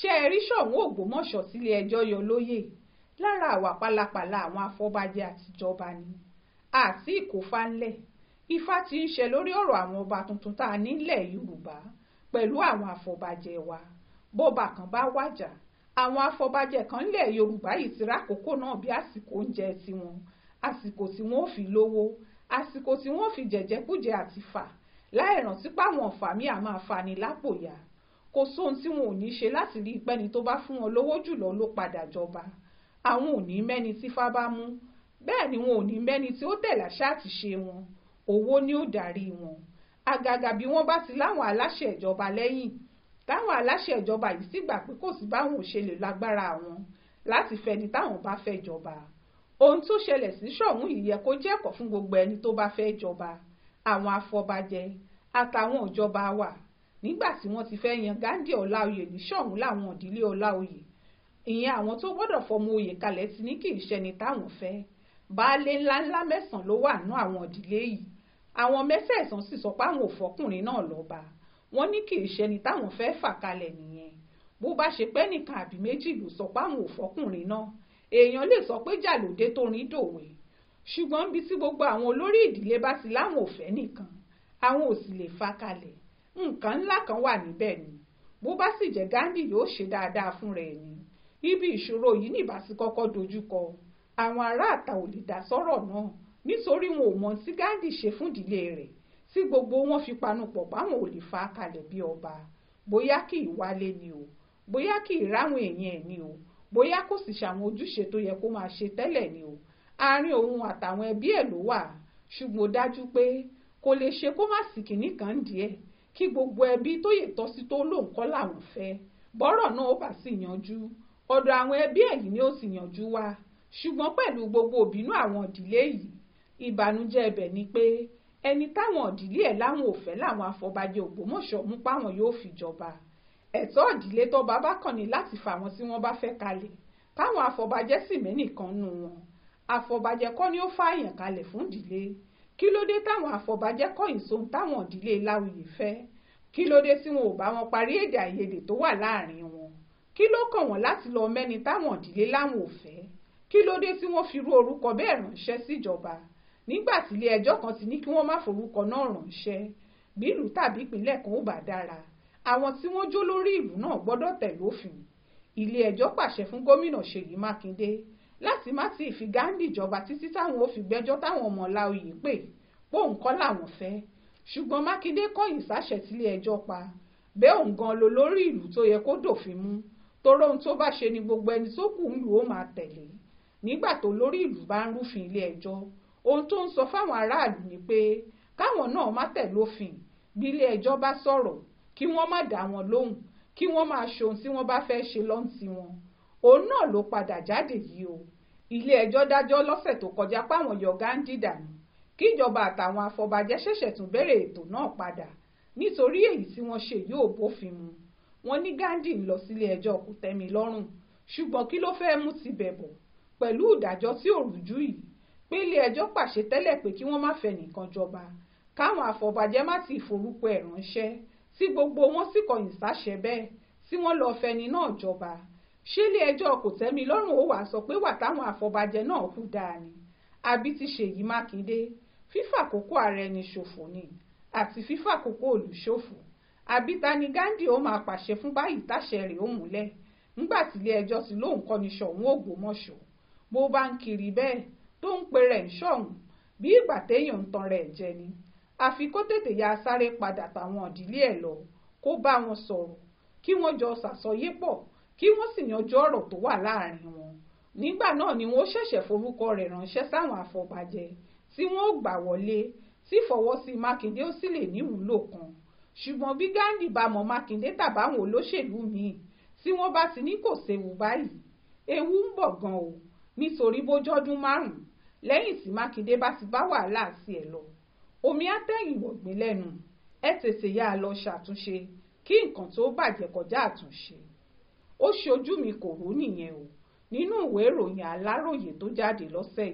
ṣé ẹ rí Ṣọ̀ún Ògbómọ̀ṣọ́ sílé ẹjọ́ yọ lóyè lára àwà pálapàla àwọn afọbajẹ àtijọba ni àti ìkófá ńlẹ̀ ifá ti ń ṣe lórí ọ̀rọ̀ àwọn ọba tuntun tá a nílẹ̀ Yorùbá pẹ̀lú àwọn afọbajẹ wa bọ́ba kan bá wájà àwọn afọbajẹ kan ńlẹ̀ Yorùbá yìí ti rákòókò náà bí àsìkò oúnjẹ tiwọn àsìkò tí wọn ò fi lówó àsìkò tí wọn ò fi jẹjẹkújẹ àti fà láìrántí páwọn ọ̀fà mi à fani lápòyà kò sóhun tí wọn ò ní ṣe láti rí pẹ́ni tó bá fún wọn lówó jùlọ ló padà jọba àwọn ò ní mẹ́ni tí fá mú bẹ́ẹ̀ ni wọn ò ní mẹ́ni tí ó tẹ̀lá ṣáàtì ṣe wọn owó ni ó darí wọn àgàgà bí wọ́n bá ti láwọn aláṣẹ ìjọba lẹ́yìn táwọn aláṣẹ ìjọba yìí sì gbà pé kò sí báwọn ò ṣe lè lágbára àwọn láti fẹni táwọn bá fẹ́ jọba ohun tó ṣẹlẹ̀ sí Ṣọ̀ún yìí yẹ kó jẹ́ ẹ̀kọ́ fún gbogbo ẹni tó bá fẹ́ jọba àwọn afọbajẹ àtàwọn ìjọba wa nígbà tí wọ́n ti fẹ́ yan Ghandi Ọláoyè ní ṣọ̀hún láwọn ìdílé Ọláoyè ìyẹn àwọn tó gbọ́dọ̀ fọmọ oyè kalẹ̀ ti ní kì í ṣẹni táwọn fẹ́ baálé ńláńlá mẹ́sàn-án ló wà nú àwọn ìdílé yìí àwọn mẹ́sẹ̀ẹ̀sán sì sọ pé àwọn ò náà lọ́ba wọ́n ní kì í ṣẹni táwọn fẹ́ fà kalẹ̀ nìyẹn bó bá ṣe pẹ́ nìkan àbí méjì ló sọ pé àwọn ò náà èèyàn lè sọ pé jàlódé tó rin dòwe ṣùgbọ́n bí tí gbogbo àwọn olórí ìdílé bá ti láwọn ò nìkan àwọn ò sì lè fà kalẹ̀ nǹkan ńlá kan wà níbẹ̀ ni bó bá sì jẹ́ Gandhi yóò ṣe dáadáa fún rẹ̀ ni ibi ìṣòro yìí nìbá sí kọ́kọ́ dojúkọ àwọn aráàta ò lè dá sọ́rọ̀ náà nítorí wọn ò mọ tí Gandhi ṣe fún ìdílé rẹ̀ tí gbogbo wọn fi panupọ̀ báwọn ò lè fa kalẹ̀ bí ọba bóyá kì í wálé ni o bóyá kì í ráwọn èèyàn ẹ̀ ni o bóyá kò sì ṣàwọn ojúṣe tó yẹ kó máa ṣe tẹ́lẹ̀ ni o àárín òun àtàwọn ẹbí ẹ̀ ló wà ṣùgbọ́n dájú pé kò lè ṣe kó má sí kinní díẹ̀ kí gbogbo ẹbí tó yè tọ́ sí tó lóun kọ́ làwọn fẹ́ bọ́rọ̀ náà ó bá sì yanjú ọ̀dọ̀ àwọn ẹbí ẹ̀yìn ni ó sì yanjú wá ṣùgbọ́n pẹ̀lú gbogbo òbínú àwọn ìdílé yìí ìbànújẹ́ ẹbẹ̀ ni pé ẹni táwọn ìdílé ẹ̀ láwọn ò fẹ́ láwọn afọbajẹ Ògbómọ̀ṣọ́ mú páwọn yóò fi jọba ẹ̀tọ́ ìdílé tó bá bá kàn ní láti fà wọn tí wọ́n bá fẹ́ kalẹ̀ káwọn afọbajẹ sì mẹ́nìkan nù wọn afọbajẹ kọ́ ni ó fààyàn kalẹ̀ fún ìdílé kí ló dé táwọn àfọ̀bàjẹ́ kọ̀yìn sóhun táwọn ìdílé láwùyé fẹ́ kí ló dé tí wọn ò bá wọn parí èdè àìyedè tó wà láàrin wọn kí ló kàn wọ́n láti lọ mẹ́ni táwọn ìdílé láwọn ò fẹ́ kí ló dé tí wọ́n fi rú orúkọ bẹ́ẹ̀ ránṣẹ́ síjọba nígbà tí ilé ẹjọ́ kan ti ní kí wọ́n má forúkọ náà ránṣẹ́ bí ìlú tàbí ìpínlẹ̀ kan ò bá dára àwọn tí wọ́n jó lórí ìlú náà gbọ́dọ̀ tẹ̀lé òfin ilé ẹjọ́ pàṣẹ fún gómìnà Ṣèyí Mákindé láti má ti fi Ghandi jọba títí táwọn ò fi gbẹ́jọ́ táwọn ọmọọ̀la oyè pè pé òun kọ́ làwọn fẹ́ ṣùgbọ́n Mákindé kọ̀yìn sáṣẹ tílé ẹjọ́ pa bẹ́ẹ̀ òun gan lo lórí ìlú tó yẹ kó dòfin mú toró ohun tó bá ṣe ni gbogbo ẹni tó kù ń lù ó máa tẹ̀lé nígbà tó lórí ìlú bá ń rúfin ilé ẹjọ́ ohun tó ń sọ fáwọn aráàlú ni pé káwọn náà má tẹ̀lé òfin bí ilé ẹjọ́ bá sọ̀rọ̀ kí wọ́n má dá wọn lóhùn kí wọ́n máa ṣohun tí wọ́n bá fẹ́ ṣe lọ́n tiwọn òun náà ló padà jáde yìí o ilé-ẹjọ́ dájọ́ lọ́sẹ̀ tó kọjá páwọn yọ̀gá ń dìdà nù kíjọba àtàwọn afọbajẹ́ ṣẹ̀ṣẹ̀ tún bẹ̀rẹ̀ ètò náà padà nítorí èyí tí wọ́n ṣe yóò bófin mu wọ́n ní Gandhi ń lọ sílé ẹjọ́ kòtẹ́milọ́rùn ṣùgbọ́n kí ló fẹ́ẹ́ mú ti bẹ̀ bọ̀ pẹ̀lú ìdájọ́ tí ò rújú yìí pé ilé ẹjọ́ pàṣẹ tẹ́lẹ̀ pé kí wọ́n má fẹ́ nìkan jọba káwọn afọbajẹ́ má ti forúkọ ẹ̀ tí gbogbo wọn sì kọ̀yìn sáṣẹ bẹ́ẹ̀ tí wọ́n lọ́ọ́ fẹni náà jọba sílé-ẹjọ́ kòtẹ́milọ́rùn ó wàá sọ pé wà táwọn àfọbàjẹ náà hù dáa ni àbí ti ṣèyí mákindé fífàkókò ara ẹni ṣòfò ni àti fífàkókò olùṣòfò àbí tani gandhi ó máa pàṣẹ fún báyìí táṣẹ rẹ̀ ó múlẹ̀ nígbà tílé-ẹjọ́ ti lóun kọ́ ni ṣọ̀ún ògbómọ̀ṣọ́ bó bá ń kiri bẹ́ẹ̀ tó ń pe rẹ̀ ń ṣọ̀ún bí ìgbà téèyàn ń tan rẹ̀ jẹ ni àfi kó tètè ya sáré padà tàwọn ìdílé ẹ̀ lọ kó bá wọn sọ̀rọ̀ kí wọ́n jọ ṣàsọyé pọ̀ kí wọ́n sì yanjú ọ̀rọ̀ tó wà láàrin wọn nígbà náà ni wọ́n ṣẹ̀ṣẹ̀ forúkọ rẹ̀ ránṣẹ́ sáwọn afọbajẹ tí wọ́n ò gbà wọlé tí ìfọwọ́sí Mákindé ó sì lè níwúlò kan ṣùgbọ́n bí Ghandi bá mọ Mákindé tàbáwọn olóṣèlú míì tí wọ́n bá ti ní kò séwu báyìí ewu ń bọ̀ gan o nítorí bójọ́dún márùn-ún lẹ́yìn tí Mákindé bá ti bá wàhálà àti ẹ̀ lọ omi atẹ́yìn wọ̀gbìn lẹ́nu ẹ tètè yá a lọ ṣàtúnṣe kí nǹkan tó bàjẹ́ kọjá àtúnṣe ó ṣojú mi kò rú nìyẹn o nínú ìwé ìròyìn aláròye tó jáde lọ́sẹ̀ yìí